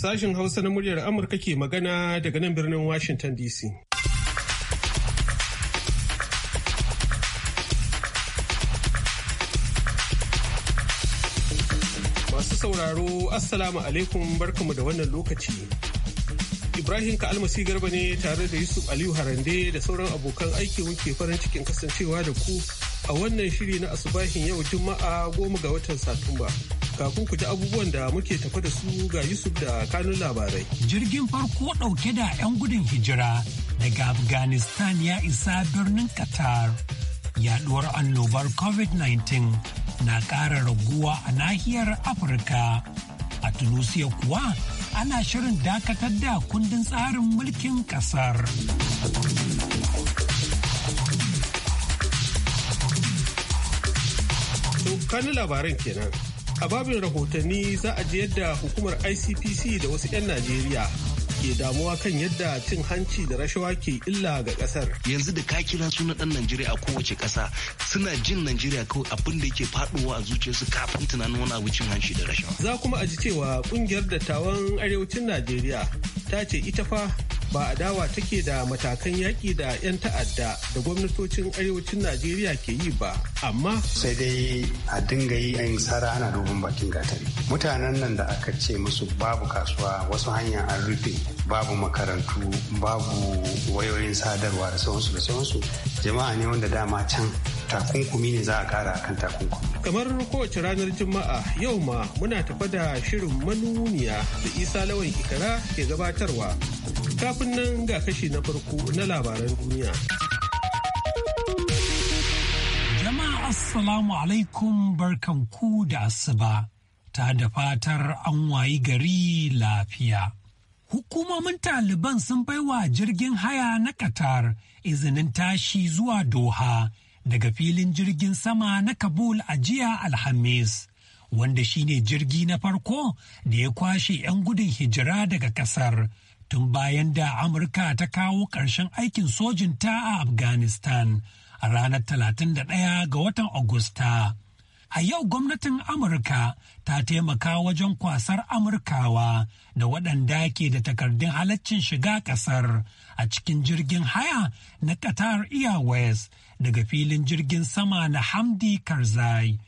Sashen Hausa na muryar Amurka ke magana daga nan birnin Washington DC. Masu sauraro, Assalamu alaikum barkamu da wannan lokaci. Ibrahim Ka'almasi Garba ne tare da Yusuf Aliyu Harande da sauran abokan aiki muke farin cikin kasancewa da ku a wannan shiri na asubahin yau Juma'a goma ga watan Satumba. kafin ku ji abubuwan da muke tafa da su ga Yusuf da kanun labarai. Jirgin farko ɗauke da 'yan gudun hijira daga Afghanistan ya isa birnin Qatar. Yaduwar annobar COVID-19 na ƙara raguwa a nahiyar Afirka. A Tunisia kuwa ana shirin dakatar da kundin tsarin mulkin ƙasar. kanin labaran kenan a babin rahotanni za a ji yadda hukumar icpc da wasu 'yan najeriya ke damuwa kan yadda cin hanci da rashawa ke illa ga kasar. Yanzu da ka kira sunan ɗan Najeriya a kowace kasa suna jin Najeriya kawai abin da yake faɗowa a zuciyarsu kafin tunanin wani abu cin hanci da rashawa. Za kuma a ji cewa ƙungiyar dattawan arewacin Najeriya ta ce ita fa ba adawa take da matakan yaƙi da 'yan ta'adda da gwamnatocin arewacin najeriya ke yi ba amma sai dai a dinga yi a sara ana dubin bakin gatari mutanen nan da aka ce musu babu kasuwa wasu hanya an rufe babu makarantu babu wayoyin sadarwa da sauransu da sauransu jama'a ne wanda dama can takunkumi ne za a kara akan takunkumi kamar kowace ranar juma'a yau ma muna tafa da shirin manuniya da isa lawan ikara ke gabatarwa Kafin nan ga kashi na farko na labaran duniya. Jama'a Assalamu alaikum barkanku da asuba ta da fatar an wayi gari lafiya. Hukumomin Taliban sun baiwa jirgin haya na Qatar izinin tashi zuwa Doha daga filin jirgin sama na Kabul a jiya Alhamis. wanda shine jirgi na farko da ya kwashe 'yan gudun hijira daga kasar tun bayan da Amurka ta kawo ƙarshen aikin sojinta a Afghanistan a ranar 31 ga watan Agusta. A yau gwamnatin Amurka ta taimaka wajen kwasar Amurkawa da waɗanda ke da takardun halaccin shiga ƙasar a cikin jirgin haya na Qatar Airways daga filin jirgin sama na Hamdi Karzai.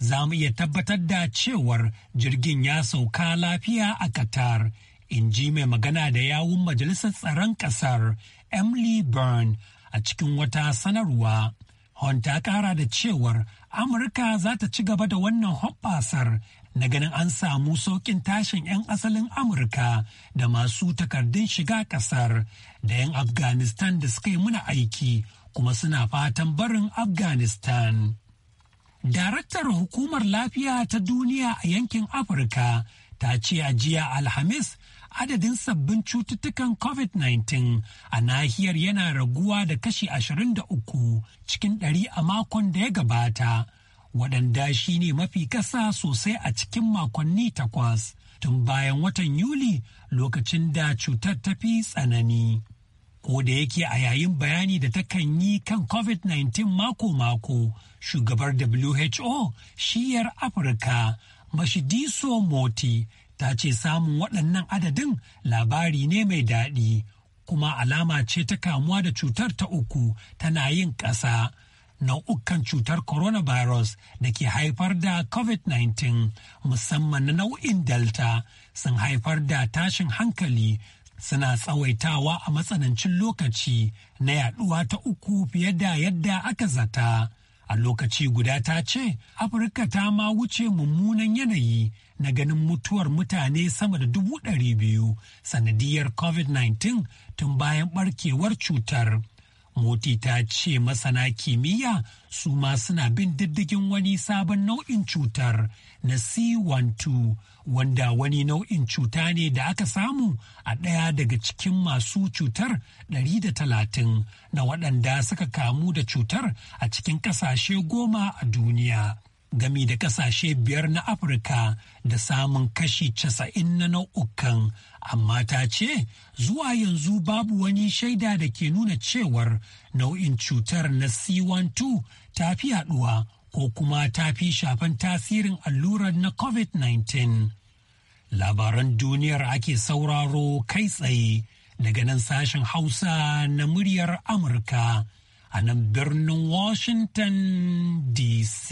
Za mu iya tabbatar da cewar jirgin ya sauka lafiya a Qatar in ji mai magana da yawun majalisar tsaron ƙasar emily byrne a cikin wata sanarwa hon ta kara da cewar amurka za ta ci gaba da wannan hoɓɓasar na ganin an samu sauƙin tashin 'yan asalin amurka da masu takardun shiga ƙasar da 'yan afghanistan da suka yi muna aiki kuma suna fatan barin afghanistan daraktar hukumar lafiya ta duniya a yankin afirka ta ce a jiya alhamis adadin sabbin cututtukan COVID-19 a nahiyar yana raguwa da kashi 23 cikin ɗari a makon da ya gabata, waɗanda shi ne mafi ƙasa sosai a cikin makonni takwas tun bayan watan Yuli lokacin da cutar ta fi tsanani. Ko da yake a yayin bayani da ta kan yi kan COVID-19 mako-mako, shugabar WHO shiyar Afirka, Mashidiso Moti ta ce samun waɗannan adadin labari ne mai daɗi kuma alama ce ta kamuwa da cutar ta uku tana yin ƙasa nau'ukan cutar coronavirus da ke haifar da covid-19 musamman na nau'in delta sun haifar da tashin hankali suna tsawaitawa a matsanancin lokaci na yaduwa ta uku fiye da yadda aka zata a lokaci guda ta ce afirka ta ma wuce mummunan yanayi na ganin mutuwar mutane sama da dubu ɗari biyu sanadiyar covid-19 tun bayan ɓarkewar cutar. Moti ta ce masana kimiyya su ma suna bin diddigin wani sabon nau'in cutar na C12 wanda wani nau'in cuta ne da aka samu a ɗaya daga cikin masu cutar 130 na waɗanda suka kamu da cutar a cikin ƙasashe goma a duniya. gami da kasashe biyar na afirka da samun kashi casa'in na nau'ukan amma ta ce zuwa yanzu babu wani shaida da ke nuna cewar nau'in cutar na c12 ta fi haɗuwa ko kuma ta fi shafan tasirin allurar na covid-19 labaran duniyar ake sauraro kai tsaye daga nan sashen hausa na muryar amurka a nan birnin washington dc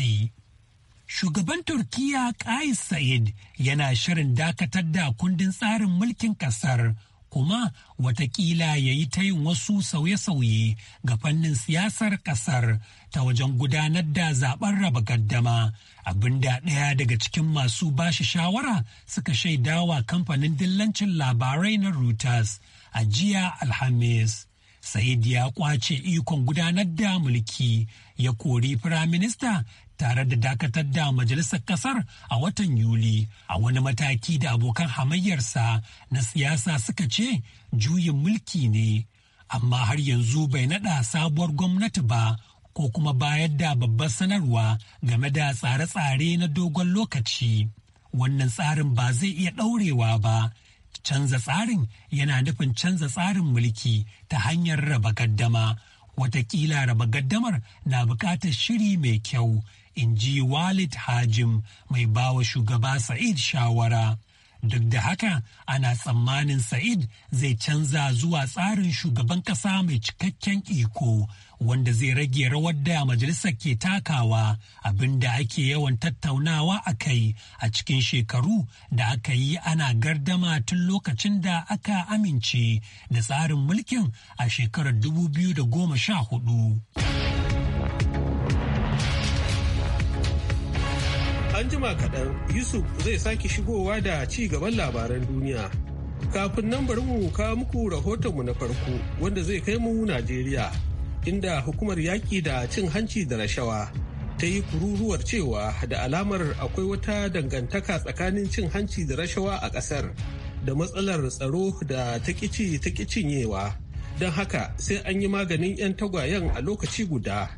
Shugaban Turkiya Kais Sa'id yana shirin dakatar da kundin tsarin mulkin kasar kuma watakila ya yi ta yin wasu sauye-sauye ga fannin siyasar kasar ta wajen gudanar da zaben raba gaddama abinda ɗaya daga cikin masu bashi shawara suka shaidawa kamfanin dillancin labarai na Reuters a jiya Alhamis. Sa'id ya kwace ikon gudanar da mulki ya kori firaminista tare da dakatar da majalisar kasar a watan Yuli a wani mataki da abokan hamayyarsa na siyasa suka ce juyin mulki ne. Amma har yanzu bai naɗa sabuwar gwamnati ba ko kuma bayar da babbar sanarwa game da tsare-tsare na dogon lokaci. Wannan tsarin ba zai iya ɗaurewa ba. Canza tsarin yana nufin canza tsarin mulki ta hanyar raba gaddama. Watakila raba gaddamar na bukatar shiri mai kyau, in ji Walid Hajim mai bawa shugaba Sa'id shawara. Duk da haka ana tsammanin Sa'id zai canza zuwa tsarin shugaban ƙasa mai cikakken iko wanda zai rage rawar da majalisar ke takawa abinda ake yawan tattaunawa a kai a cikin shekaru da aka yi ana gardama tun lokacin da aka amince da tsarin mulkin a shekarar 2014. An jima kaɗan Yusuf zai sake shigowa da ci gaban labaran duniya. Kafin nan bari mu kawo muku rahoton mu na farko wanda zai kai mu Najeriya. inda hukumar yaƙi da cin hanci da rashawa ta yi kururuwar cewa da alamar akwai wata dangantaka tsakanin cin hanci da rashawa a ƙasar da matsalar tsaro da ta kici ta cinyewa don haka sai an yi maganin 'yan tagwayen a lokaci guda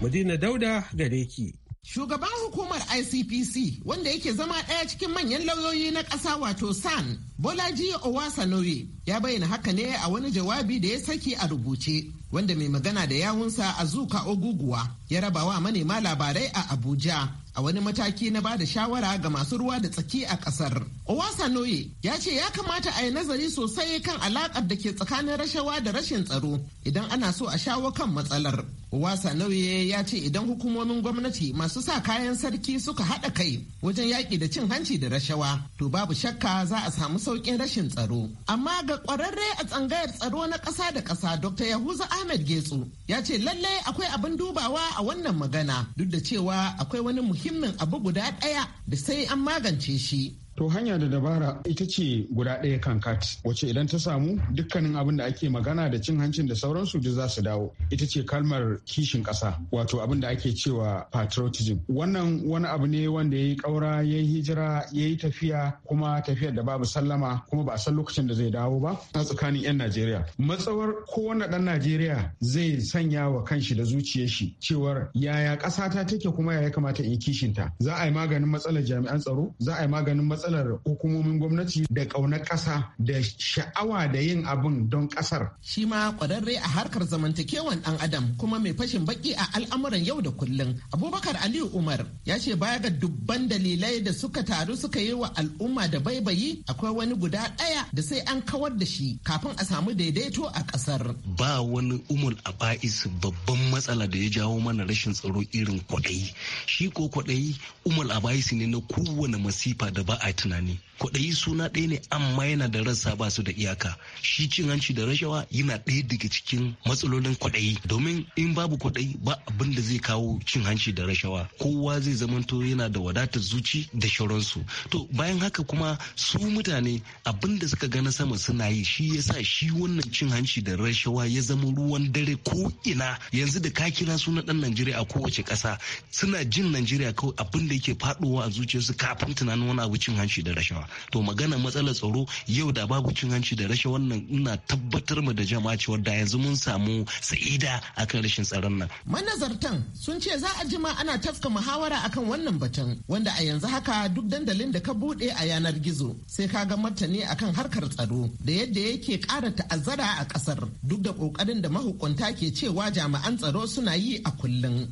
madina dauda gare ki Shugaban hukumar ICPC wanda yake zama ɗaya cikin manyan lauyoyi na ƙasa wato SAN, Bolaji owasanowe ya bayyana haka ne a wani jawabi da ya saki a rubuce wanda mai magana da yawunsa a zuka oguguwa ya rabawa manema labarai a Abuja a wani mataki na bada shawara ga masu ruwa da tsaki a kasar. Owasanoye ya ce ya kamata a yi nazari sosai kan alakar da ke tsakanin rashawa da rashin tsaro idan ana so a shawo kan matsalar. Owasanoye ya ce idan hukumomin gwamnati masu sa kayan sarki suka haɗa kai wajen yaƙi da cin hanci da rashawa to babu shakka za a samu sauƙin rashin tsaro. Amma ga ƙwararre a tsangayar tsaro na ƙasa da ƙasa Dr. Yahuza Ahmed Getsu ya ce lallai akwai abin dubawa a wannan magana duk da cewa akwai wani muhimmin min abu guda ɗaya da sai an magance shi To hanya da dabara ita ce guda ɗaya kan kat wacce idan ta samu dukkanin abin da ake magana da cin hancin da sauransu duk za su dawo ita ce kalmar kishin ƙasa wato abin da ake cewa patriotism wannan wani abu ne wanda ya yi ƙaura ya yi hijira ya yi tafiya kuma tafiyar da babu sallama kuma ba a san lokacin da zai dawo ba a tsakanin 'yan Najeriya. Matsawar kowane ɗan Najeriya zai sanya wa kanshi da zuciyar shi cewar yaya ƙasata take kuma yaya kamata in yi kishinta za a yi maganin matsalar jami'an tsaro za a yi maganin matsalar matsalar hukumomin gwamnati da ƙaunar ƙasa da sha'awa da yin abin don ƙasar. Shi ma ƙwararre a harkar zamantakewan ɗan adam kuma mai fashin baki a al'amuran yau da kullum Abubakar Aliyu Umar ya ce baya ga dubban dalilai da suka taru suka yi wa al'umma da baibayi akwai wani guda ɗaya da sai an kawar da shi kafin a samu daidaito a ƙasar. Ba wani umul aba'is babban matsala da ya jawo mana rashin tsaro irin kwaɗayi. Shi ko kwaɗayi umul bais ne na kowane masifa da ba a tunani kwaɗayi suna ɗaya ne amma yana da rassa ba su da iyaka shi cin hanci da rashawa yana ɗaya daga cikin matsalolin kwaɗayi domin in babu kwaɗayi ba abin da zai kawo cin hanci da rashawa kowa zai zamanto yana da wadatar zuci da shauransu to bayan haka kuma su mutane abin da suka gana sama suna yi shi yasa shi wannan cin hanci da rashawa ya zama ruwan dare ko ina yanzu da ka kira sunan ɗan Najeriya a kowace ƙasa suna jin Najeriya kawai abin da yake faɗowa a zuciyarsu kafin tunanin wani abu cin hanci da rashawa to magana matsalar tsaro yau da babu cin hanci da rashin wannan ina tabbatar mu da jama'a cewar da yanzu mun samu sa'ida akan rashin tsaron nan manazartan sun ce za a jima ana tafka muhawara akan wannan batun wanda a yanzu haka duk dandalin da ka bude a yanar gizo sai ka ga martani akan harkar tsaro da yadda yake ƙara ta'azzara a ƙasar duk da ƙoƙarin da mahukunta ke cewa jami'an tsaro suna yi a kullum.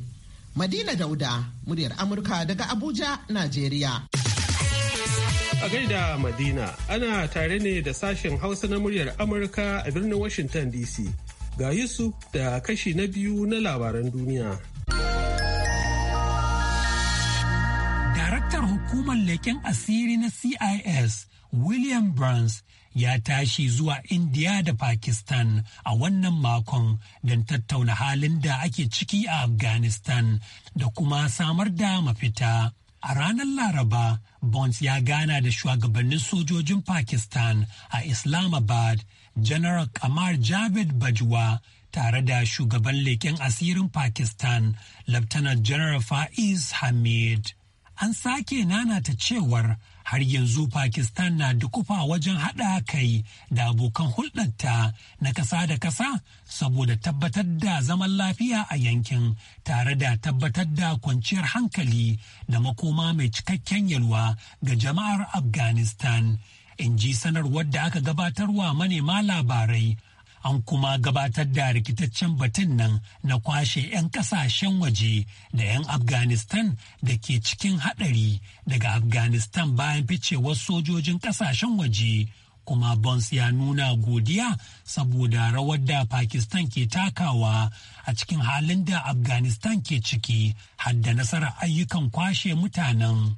Madina Dauda, muryar Amurka daga Abuja, Najeriya. A gaida Madina ana tare ne da sashen Hausa na muryar Amurka a birnin Washington DC. Ga Yusuf da kashi na biyu na labaran duniya. Daraktar hukumar leken asiri na CIS William Burns ya tashi zuwa India da Pakistan a wannan makon don tattauna halin da ake ciki a Afghanistan da kuma samar da mafita. A ranar Laraba, Bonds ya gana da shugabannin sojojin Pakistan a Islamabad, General Kamar Javed Bajwa tare da shugaban leƙen asirin Pakistan, Lieutenant General Faiz Hamid. An sake nanata cewar har yanzu Pakistan na dukufa wajen haɗa kai da abokan hulɗarta na ƙasa da ƙasa saboda tabbatar da zaman lafiya a yankin tare da tabbatar da kwanciyar hankali da makoma mai cikakken yalwa ga jama'ar Afghanistan. In ji sanarwar da aka gabatarwa manema labarai an kuma gabatar da rikitaccen batun nan na kwashe 'yan kasashen waje da 'yan afghanistan da ke cikin haɗari daga afghanistan bayan ficewar sojojin kasashen waje kuma Bons ya nuna godiya saboda rawar da Pakistan ke takawa a cikin halin da Afghanistan ke ciki hadda nasarar ayyukan kwashe mutanen.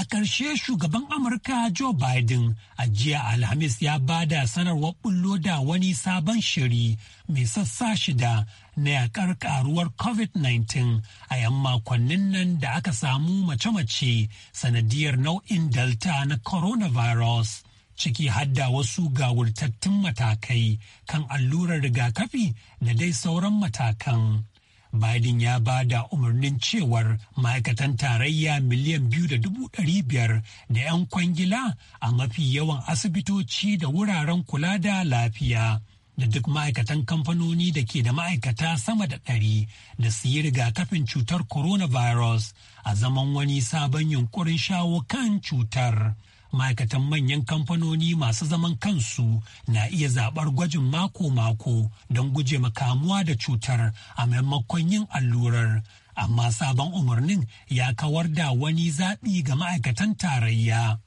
A ƙarshe shugaban Amurka Joe Biden a jiya Alhamis ya ba da sanarwar bullo da wani sabon shiri mai sassa shida na yaƙar karuwar COVID-19 a yan makonnin nan da aka samu mace-mace sanadiyar nau'in Delta na coronavirus. ciki hadda wasu gawurtattun matakai kan allurar rigakafi da dai sauran matakan. Biden ya ba da umarnin cewar ma'aikatan tarayya miliyan biyu da dubu ɗari biyar da 'yan kwangila a mafi yawan asibitoci da wuraren kula da lafiya. Da duk ma'aikatan kamfanoni da ke da ma'aikata sama da ɗari da su yi rigakafin cutar coronavirus a zaman wani sabon yunkurin shawo kan cutar. ma'aikatan manyan kamfanoni masu zaman kansu na iya zaɓar gwajin mako-mako don guje makamuwa da cutar a maimakon yin allurar amma sabon umarnin ya kawar da wani zaɓi ga ma'aikatan tarayya.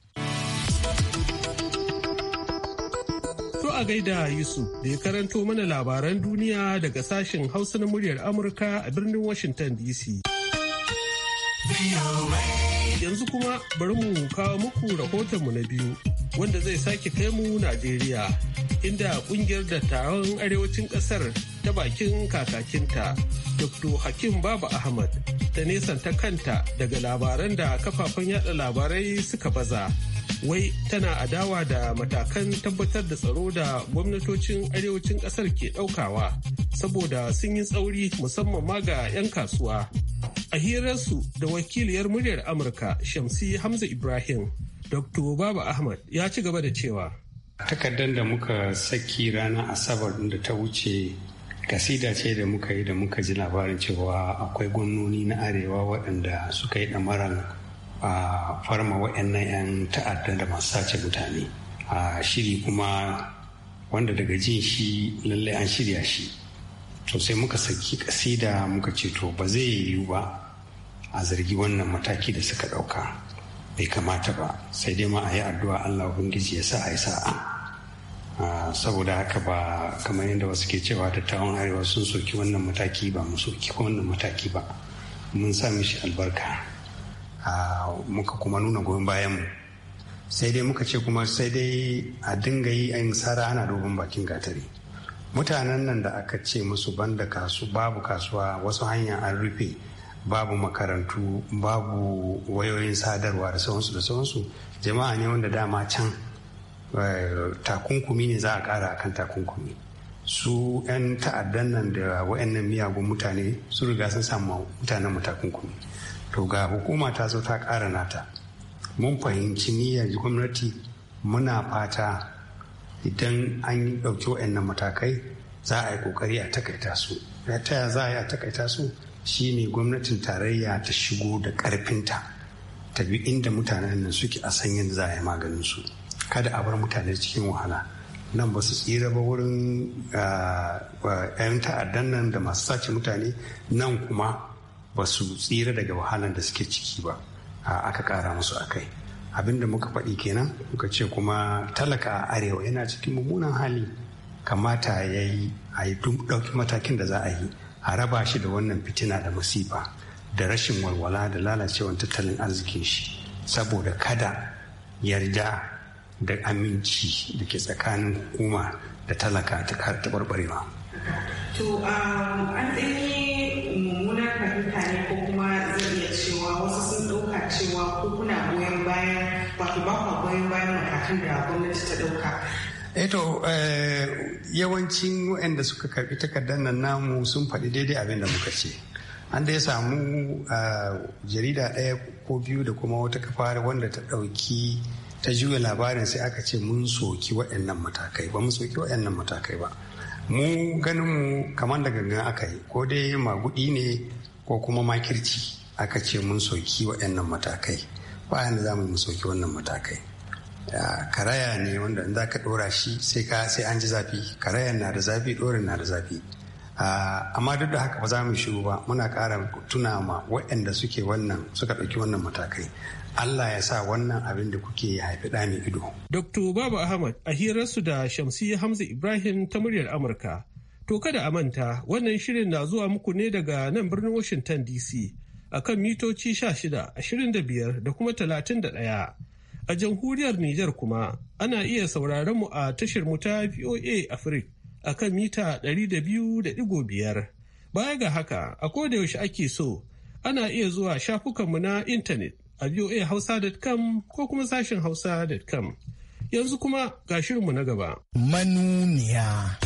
To a gaida Yusuf da ya karanto mana labaran duniya daga sashen Hausa na muryar Amurka a birnin Washington DC. Yanzu kuma bari mu kawo muku rahotonmu na biyu wanda zai sake kai mu Najeriya inda kungiyar dattawan arewacin kasar ta bakin kakakinta Dr. Hakim Baba Ahmad ta ta kanta daga labaran da kafafen yada labarai suka baza. Wai tana adawa da matakan tabbatar da tsaro da gwamnatocin arewacin kasar ke daukawa saboda sun yi tsauri musamman ma ga 'yan kasuwa. A hirarsu da wakiliyar muryar Amurka Shamsi Hamza Ibrahim, Dr. Baba Ahmad ya ci gaba da cewa. Takardar da muka saki ranar Asabar da ta wuce kasida ce da muka yi da muka ji labarin cewa akwai gwamnoni na arewa waɗanda suka yi ɗamaran a farma waɗannan 'yan ta'adda da masu sace mutane a shiri kuma wanda daga jin shi lallai an shirya shi to sai muka saki kasida muka ce to ba zai yiwu ba a zargi wannan mataki da suka ɗauka bai kamata ba sai dai ma a yi addu'a allah ubangiji ya sa a yi sa'a ah, saboda haka ba kamar yadda wasu ke cewa dattawan arewa sun soki wannan mataki ba mu soki wannan mataki ba mun sa mishi albarka ah, muka kuma nuna goyon bayanmu sai dai muka ce kuma sai dai a dinga yi a yin sara ana dogon bakin gatari mutanen nan da aka ce musu banda kasu babu kasuwa wasu hanya an rufe babu makarantu babu wayoyin sadarwa da sauransu da sauransu jama'a ne wanda dama can eh, takunkumi ne za a kara akan takunkumi su 'yan ta'addan nan da wa'annan miyagun mutane su riga sun samu mutanen mu takunkumi to ga hukuma ta zo ta kara nata mun fahimci niyyar gwamnati muna fata idan an ɗauki waɗannan matakai za a yi ƙoƙari a takaita su ta ya za a yi a takaita su ne gwamnatin tarayya ta shigo da ƙarfinta ta bi inda mutanen nan suke a san yadda za a yi maganin su kada a bar mutane cikin wahala nan ba su tsira ba wurin ah, 'yan ta'addan nan da masu sace mutane nan kuma ba su tsira daga wahalan da suke ciki ba ah, aka kara musu akai. kai abin da muka faɗi kenan muka ce kuma talaka a arewa yana cikin mummunan hali kamata ya yi a yi ɗauki matakin da za a yi a raba shi da wannan fitina da masifa da rashin walwala da lalacewar tattalin arzikin shi saboda kada yarda da aminci da ke tsakanin hukuma da talaka ta barbarewa. To, um, an gwamnati ta dauka eto eh eh, yawancin waɗanda suka karbi takardar nan namu sun faɗi daidai abin da muka ce an dai samu eh, jarida ɗaya ko biyu da kuma wata kafa wanda ta ɗauki ta juya labarin sai aka ce mun soki wa'annan matakai ba mun soki wa'annan matakai ba mu ganin mu kamar da gangan aka yi ko dai magudi ne ko kuma makirci aka ce mun soki wa'annan matakai ba yanda za mu soki wannan matakai karaya ne wanda in za ka ɗora shi sai ka sai an ji zafi karayan na da zafi ɗorin na da zafi ah, amma duk da haka ba za mu shiru ba muna ƙara tuna ma waɗanda suke wannan suka ɗauki wannan matakai Allah ya sa wannan abin da kuke ya haifi ɗa mai ido. Dr. Baba Ahmad a hirarsu da Shamsi Hamza Ibrahim ta muryar Amurka. To kada a manta wannan shirin na zuwa muku ne daga nan birnin Washington DC akan mitoci 16, 25 da kuma 31. A jamhuriyar Nijar kuma ana iya sauraron mu a tashar mu ta VOA Africa a kan mita biyar. Baya ga haka, a yaushe ake so, ana iya zuwa shafukanmu na intanet a voahausa.com ko kuma sashen hausa.com. Yanzu kuma ga shirinmu na gaba. Manuniya.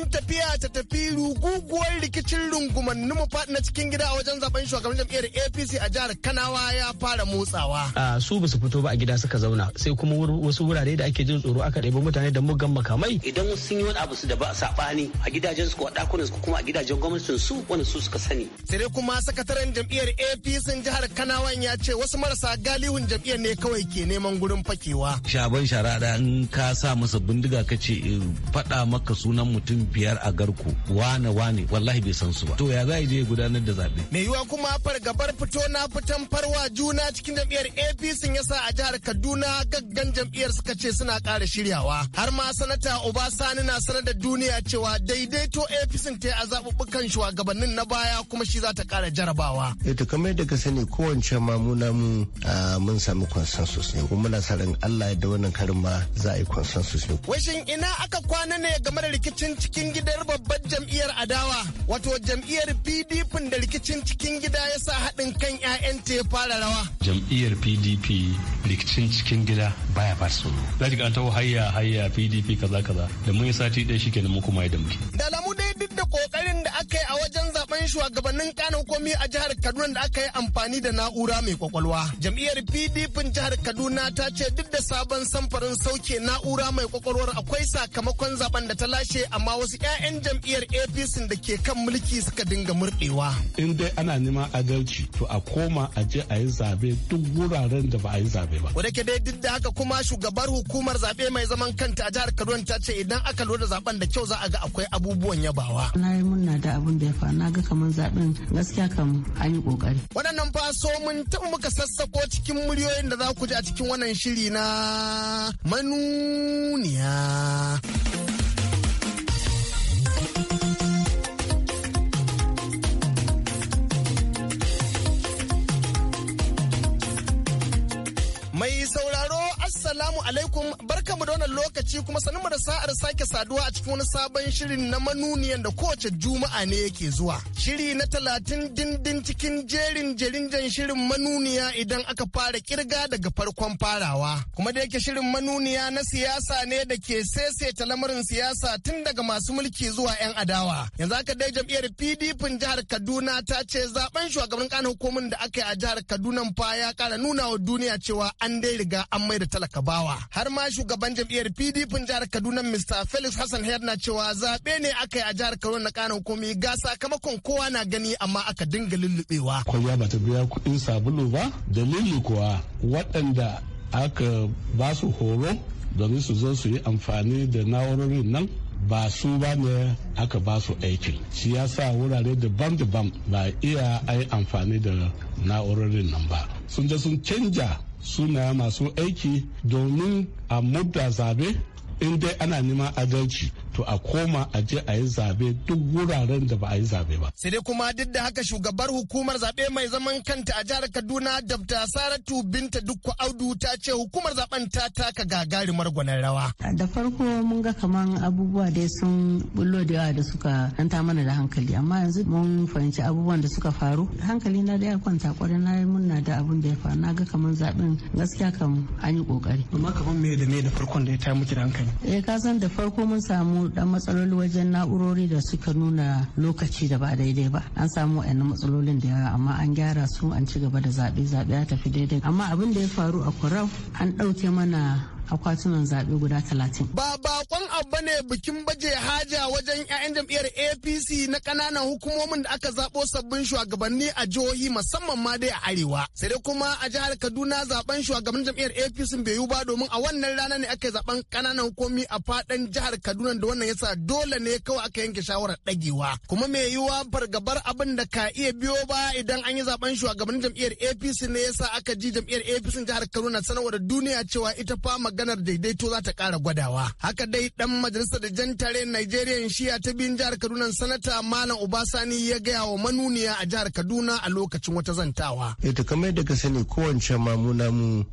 in tafiya ta tafi ruguguwar rikicin rungumar numa faɗi na cikin gida a wajen zaben shugaban jam'iyyar APC a jihar Kanawa ya fara motsawa. su ba su fito ba a gida suka zauna sai kuma wasu wurare da ake jin tsoro aka ɗebi mutane da mugan makamai. Idan wasu sun yi wani abu su da ba saɓani a gidajen su ko a ɗakunan su kuma a gidajen gwamnatin su wani su suka sani. Sai dai kuma sakataren jam'iyyar APC jihar kanawa ya ce wasu marasa galihun jam'iyyar ne kawai ke neman gurin fakewa. Shaban sharaɗa in ka sa masa bindiga ka ce eh, faɗa maka sunan mutum biyar a garko wane wane wallahi bai san su ba to ya za je gudanar da zaɓe. mai yiwuwa kuma fargabar fito na fitan farwa juna cikin jam'iyyar apc ya sa a jihar kaduna gaggan jam'iyyar suka ce suna ƙara shiryawa har ma sanata sani na sanar da duniya cewa daidaito apc ta yi a zaɓuɓɓukan shugabannin na baya kuma shi za ta ƙara jarabawa. Eh, to kamar yadda ka sani kowace mamuna mu ah, mun sami consensus ne kuma muna sa allah da wannan karin ma za a yi consensus ne. wajen ina aka kwana ne game da rikicin ciki cikin gidar babbar jam'iyyar adawa wato jam'iyyar pdp da rikicin cikin gida ya sa haɗin kan 'ya'yan ta ya fara rawa jam'iyyar pdp rikicin cikin gida baya ba su za ki an taho hayya hayya pdp kaza kaza da mun yi sati ɗaya shi kenan mu kuma ya da muke da lamu dai duk da kokarin da aka yi a wajen zaben shugabannin kanan komi a jihar Kaduna da aka yi amfani da na'ura mai kwakwalwa. Jam'iyyar PDP jihar Kaduna ta ce duk da sabon samfarin sauke na'ura mai kwakwalwar akwai sakamakon zaben da ta lashe amma wasu 'ya'yan jam'iyyar APC da ke kan mulki suka dinga murɗewa. In dai ana neman adalci to a koma a je a yi zabe duk wuraren da ba a yi zabe ba. Wadda ke dai duk da haka kuma shugabar hukumar zabe mai zaman kanta a jihar Kaduna ta ce idan aka lura zaben da kyau za a ga akwai abubuwan yabawa. Na yi munna da abin da ya faru na ga kamar zaɓen gaskiya kam an yi kokari waɗannan faso mun taɓa muka sassako cikin muryoyin da za ku ji a cikin wannan shiri na manuniya alaikum barkamu da wannan lokaci kuma sanin mu da sa'ar sake saduwa a cikin wani sabon shirin na manuniyan da kowace juma'a ne yake zuwa. Shiri na talatin dindin cikin jerin jerinjan shirin manuniya idan aka fara kirga daga farkon farawa. Kuma da yake shirin manuniya na siyasa ne da ke ta lamarin siyasa tun daga masu mulki zuwa 'yan adawa. Yanzu aka dai jam'iyyar PDP jihar Kaduna ta ce zaben shugaban kanin hukumin da aka yi a jihar Kaduna fa ya kara nuna wa duniya cewa an dai riga an mai da talaka har ma shugaban jam'iyyar pdp jihar kaduna mr felix hassan Hayat na cewa zaɓe ne aka yi a jihar kaduna na kanan komi ga sakamakon kowa na gani amma aka dinga lullubewa Kwaya ba ta biya kuɗin sabulu ba dalili kuwa waɗanda aka ba su horo domin su zo su yi amfani da na'urorin nan ba su ba ne aka ba su aikin shi ya sa wurare daban-daban ba iya ai amfani da na'urorin nan ba sun je sun canja suna masu aiki domin a muda zabe in dai ana nema adalci to a koma a je a yi zabe duk wuraren da ba a yi zabe ba. Sai dai kuma duk da haka shugabar hukumar zabe mai zaman kanta a jihar Kaduna Dabta Saratu Binta Dukku Audu ta ce hukumar zaben ta taka gagarumar gwanar rawa. Da farko mun ga kaman abubuwa dai sun bullo da yawa da suka danta mana da hankali amma yanzu mun fahimci abubuwan da suka faru hankali na da ya kwanta kwarai na yi munna da abun da ya faru na ga kaman zaben gaskiya kam an yi kokari. Amma kaman me da me da farkon da ya ta miki da hankali. Eh ka san da farko mun samu dan matsaloli wajen na'urori da suka nuna lokaci da ba daidai ba an samu wayannan matsalolin da yawa amma an gyara su an ci gaba da zaɓe zaɓe ya tafi daidai amma abin da ya faru a kwarau an ɗauke mana akwatunan zaɓe guda talatin. Ba bakon abu ne bikin baje haja wajen 'ya'yan jam'iyyar APC na ƙananan hukumomin da aka zaɓo sabbin shugabanni a jihohi musamman ma dai a arewa. Sai dai kuma a jihar Kaduna zaben shugaban jam'iyyar APC bai yi ba domin a wannan rana ne aka zaben ƙananan hukumomi a faɗin jihar Kaduna da wannan yasa dole ne kawai aka yanke shawarar ɗagewa. Kuma mai yiwuwa fargabar abin da ka iya biyo ba idan an yi zaben shugaban jam'iyyar APC ne yasa aka ji jam'iyyar APC jihar Kaduna sanarwar duniya cewa ita fa maganar daidaito za ta kara gwadawa. Haka dai dan majalisar da jan tare Najeriya shia ta biyun jihar Kaduna sanata Malam Obasani ya gaya wa manuniya a jihar Kaduna a lokacin wata zantawa. Eh to kamar yadda ka sani kowace mamuna mu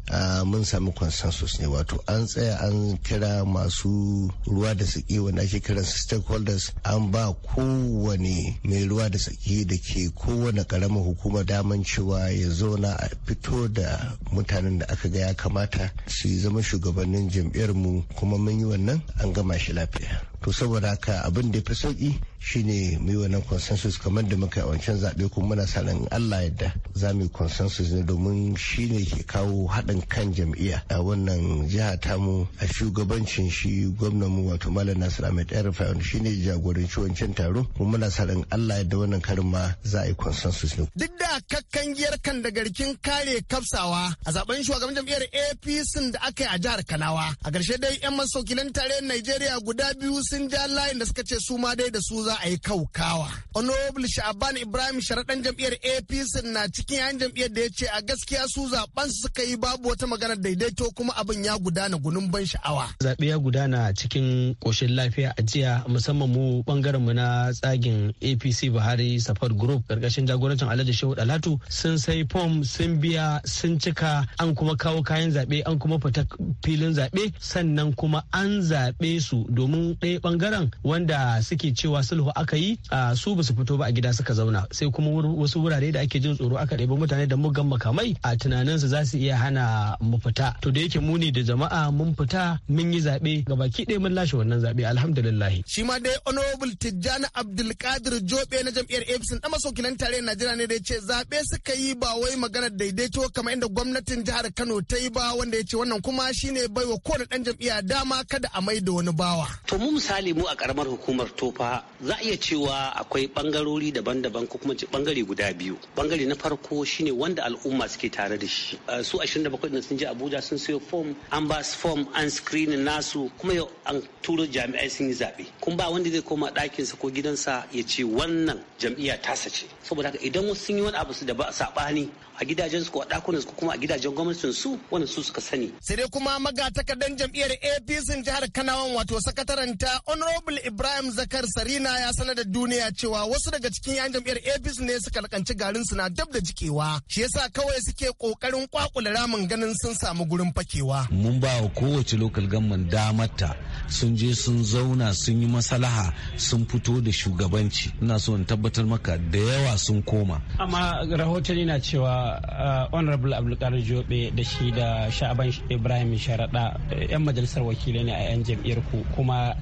mun sami consensus ne wato an tsaya an kira masu ruwa da saki wanda ake kira stakeholders an ba kowane mai ruwa da saki da ke kowane karamar hukuma daman cewa ya zauna a fito da mutanen da aka ga ya kamata su zama shugaban shugabannin jam'iyyar mu kuma mun yi wannan an gama shi lafiya to saboda haka abin da ya fi sauki shine mu yi wannan consensus kamar da muka yi wancan zaɓe kuma muna sa ran Allah yadda za mu yi consensus ne domin shine ke kawo haɗin kan jam'iyya a wannan jiha tamu a shugabancin shi gwamnan mu wato Malam Nasir Ahmed Erfa wanda shine jagoranci wancan taro kuma muna sa Allah yadda wannan karin ma za a yi consensus ne. Duk da kakkan giyar kan da garkin kare kafsawa a zaben shugaban jam'iyyar APC da aka yi a jihar Kanawa a ƙarshe dai 'yan masaukilan tare Najeriya guda biyu sun sun ja layin da suka ce su ma dai da su za a yi kaukawa. Honorable Sha'aban Ibrahim sharaɗan jam'iyyar APC na cikin yayin jam'iyyar da ya ce a gaskiya su zaɓen su suka yi babu wata magana daidaito kuma abin ya gudana gunun ban sha'awa. Zaɓe ya gudana cikin ƙoshin lafiya a jiya musamman mu ɓangaren mu na tsagin APC Buhari Safar Group karkashin jagorancin Alhaji Shehu Dalatu sun sai fom sun biya sun cika an kuma kawo kayan zaɓe an kuma fita filin zaɓe sannan kuma an zaɓe su domin ɗaya bangaren wanda suke cewa sulhu aka yi su basu fito ba a gida suka zauna sai kuma wasu wurare da ake jin tsoro aka ɗebi mutane da mugan makamai a tunaninsu za su iya hana mu fita to da yake muni da jama'a mun fita mun yi zaɓe gabaki ɗaya mun lashe wannan zaɓe alhamdulillah shi ma dai honorable tijjani abdulkadir jobe na jam'iyyar apc dan masokinan tare najeriya ne da ya ce zaɓe suka yi ba wai magana daidaito kamar inda gwamnatin jihar kano ta yi ba wanda ya ce wannan kuma shine baiwa kowane dan jam'iyya dama kada a da wani bawa to mu misali mu a karamar hukumar tofa za a iya cewa akwai bangarori daban-daban ko kuma bangare guda biyu bangare na farko shine wanda al'umma suke tare da shi eh, su 27 din sun je abuja sun sayo fom. an ba su form an screening nasu kuma yau an turo jami'ai sun yi zaɓe kun ba wanda zai koma sa ko gidansa ya ce wannan jam'iyya tasa ce saboda haka idan wasu sun yi wani abu su da ba saɓani a gidajen su ko a dakunan su kuma a gidajen gwamnatin su wannan su suka sani sai dai kuma magatakardan jam'iyyar APC jihar Kanawan wato sakataren ta honorable Ibrahim Zakar Sarina ya sanar da duniya cewa wasu daga cikin yan jam'iyyar APC ne suka lakanci garin su na dab da jikewa shi yasa kawai suke kokarin kwakula ramin ganin sun samu gurin fakewa mun ba wa kowace local government ta sun je sun zauna sun yi masalaha sun fito da shugabanci ina so in tabbatar maka da yawa sun koma amma rahotanni na cewa Uh, honorable abdulkadir jobe da shi da sha'aban ibrahim sharaɗa yan majalisar wakilai ne a yan jam'iyyar ku kuma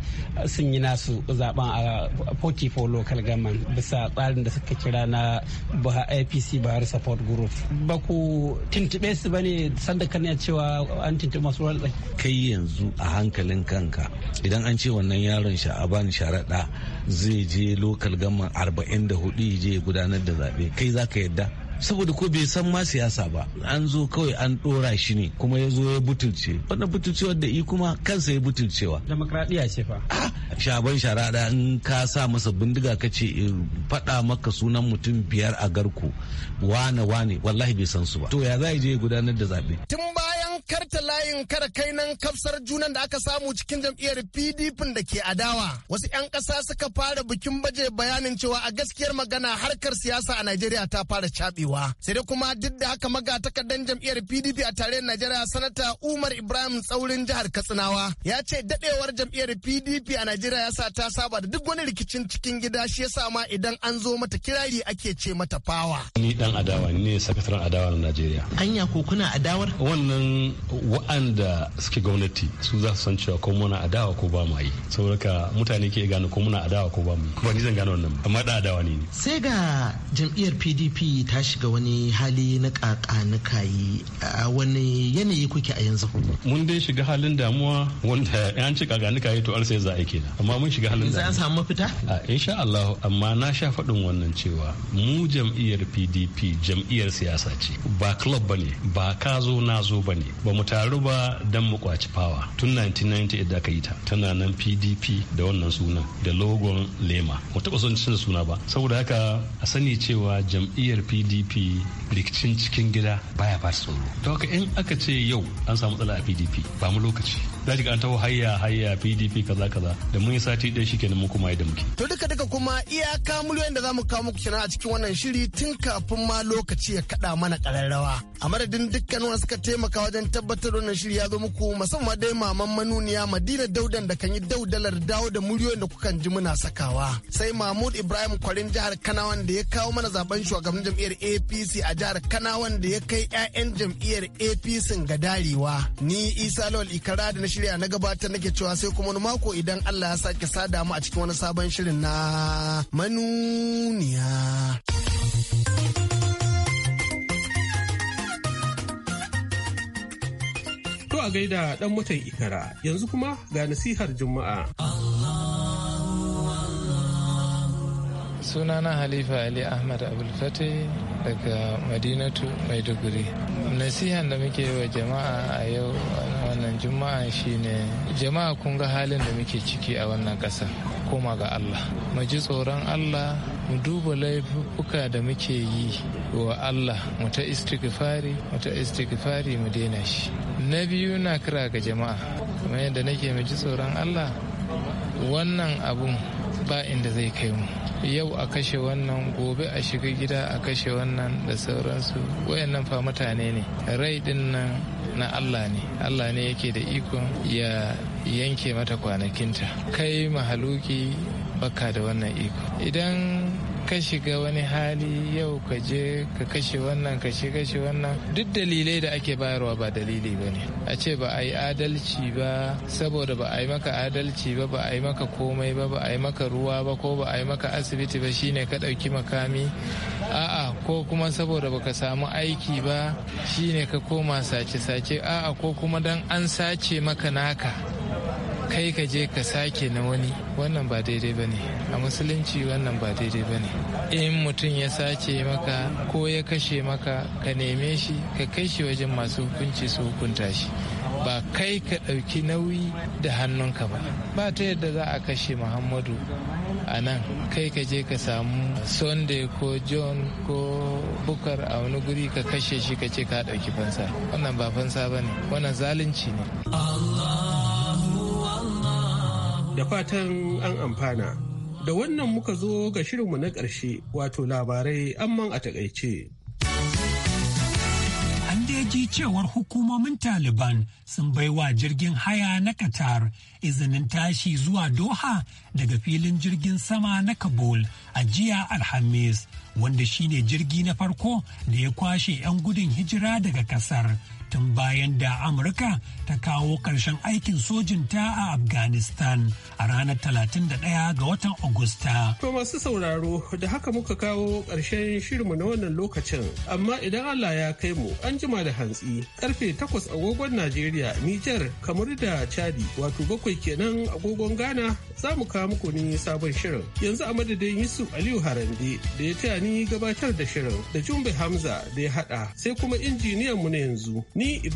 sun yi nasu zaben a 44 local government bisa tsarin da suka kira na apc buhari support group ba ku tuntube su ba ne sanda kan cewa an tuntube masu ruwan kai yanzu a hankalin kanka idan an ce wannan yaron sha'aban sharaɗa zai je local government 44 je gudanar da zaɓe kai za ka yadda saboda ko bai san ma siyasa ba an zo kawai an dora shi ne kuma ya zo ya butulce wannan butulcewar da i kuma kansa ya butulcewa demokradiya ce fa ah, shaban sharaɗa in ka sa masa bindiga ka ce eh, faɗa maka sunan mutum biyar a garku wane wane wallahi bai san su ba to ya za je gudanar da zaɓe tun ba karta layin kara kai nan kafsar junan da aka samu cikin jam'iyyar PDP da ke adawa. Wasu 'yan ƙasa suka fara bikin baje bayanin cewa a gaskiyar magana harkar siyasa a Najeriya ta fara cabewa. Sai dai kuma duk da haka Maga magatakardan jam'iyyar PDP a tare tarayyar Najeriya sanata Umar Ibrahim Tsaurin jihar Katsinawa ya ce dadewar jam'iyyar PDP a Najeriya ya sa ta saba da duk wani rikicin cikin gida shi ya sa ma idan an zo mata kirari ake ce mata fawa. Ni dan adawa ne sakataren adawa na Najeriya. Anya ko kuna adawar? Wannan waɗanda wa'anda suke gwamnati su za su san cewa ko muna adawa ko ba mu yi saboda mutane ke gane ko muna adawa ko ba mu ba ni zan gane wannan amma da adawa ne sai ga jam'iyyar PDP ta shiga wani hali na na yi a wani yanayi kuke a yanzu mun dai shiga halin damuwa wanda yan ci na kayi to an sai za a kenan amma mun shiga halin damuwa za a samu mafita a insha Allah amma na sha faɗin wannan cewa mu jam'iyyar PDP jam'iyyar siyasa ce ba club bane ba ka zo na zo bane ba mu taru ba don mu kwaci fawa tun 1998 da aka yi ta tana nan pdp da wannan sunan da logon lema mu taɓa son cin suna ba saboda haka a sani cewa jam'iyyar pdp rikicin cikin gida baya ba tsoro to haka in aka ce yau an samu matsala a pdp ba mu lokaci za an hayya hayya pdp kaza kaza da mun yi sati ɗaya shi kenan mun kuma yadda muke. to duka duka kuma iyaka miliyoyin da za mu kawo muku kenan a cikin wannan shiri tun kafin ma lokaci ya kaɗa mana ƙararrawa a madadin dukkan wanda suka taimaka wajen tabbatar wannan shiri ya zo muku musamman dai maman manuniya madina daudan da kan yi daudalar dawo da miliyoyin da kukan ji muna sakawa sai mahmud ibrahim kwarin jihar kanawan da ya kawo mana zaben shugaban jam'iyyar apc a jihar kana wanda ya kai 'ya'yan jam'iyyar apc ga darewa ni isa lawal ikara da na shirya na gabatar nake cewa sai kuma wani mako idan Allah ya sake sada mu a cikin wani sabon shirin na manuniya. To a gaida dan watan ikara yanzu kuma ga nasihar juma'a. sunana halifa ali ahmad abulfate daga madinatu maiduguri nasihan da muke wa jama'a a yau wannan juma'a shine jama'a kun ga halin da muke ciki a wannan ƙasa koma ga Allah mu ji tsoron Allah mu duba laifuka da muke yi wa Allah mu ta istighfari mu ta istighfari mu daina shi na biyu na kira ga jama'a kamar yadda nake mu ji tsoron Allah wannan abun ba inda zai kai mu yau a kashe wannan gobe a shiga gida a kashe wannan da sauransu wayannan fa mutane ne rai din nan na Allah ne Allah ne yake da ikon ya yanke mata kwanakinta kai mahaluki baka da wannan iko idan ka shiga wani hali yau ka je ka kashe wannan ka shi kashe wannan duk dalilai da ake bayarwa ba dalili ba ne a ce ba a yi adalci ba saboda ba a yi maka adalci ba ba a yi maka komai ba ba a yi maka ruwa ba ko ba a yi maka asibiti ba shine ka ɗauki makami a'a ko kuma saboda baka samu aiki ba shi ne ka koma sace-sace a'a ko kuma dan an sace maka naka kai ka je ka sake na wani wannan ba daidai ba ne a musulunci wannan ba daidai ba ne in mutum ya sace maka ko ya kashe maka ka neme shi ka kai shi wajen masu hukunci su hukunta shi ba kai ka ɗauki nauyi da hannunka ba ba ta yadda za a kashe muhammadu a nan kai ka je ka samu sunday ko john ko bukar a wani guri ka kashe shi ka ce ka ɗauki fansa wannan ba fansa ba ne wannan zalunci ne da fatan an amfana da wannan muka zo ga shirinmu na ƙarshe wato labarai amman a takaice. dai ji cewar hukumomin Taliban sun baiwa jirgin haya na Qatar izinin tashi zuwa Doha daga filin jirgin sama na Kabul a jiya Alhamis, wanda shine jirgi na farko da ya kwashe 'yan gudun hijira daga kasar tun bayan da amurka ta kawo karshen aikin sojinta a afghanistan a ranar 31 ga watan agusta to masu sauraro da haka muka kawo ƙarshen shirinmu na wannan lokacin amma idan allah ya kai mu an jima da hantsi karfe 8 agogon najeriya nijar kamar da chadi wato bakwai kenan agogon ghana za mu kawo muku ne sabon shirin yanzu a madadin yusuf aliyu harande da ya taya ni gabatar da shirin da jumbe hamza da ya haɗa sai kuma injiniyan mu na yanzu ni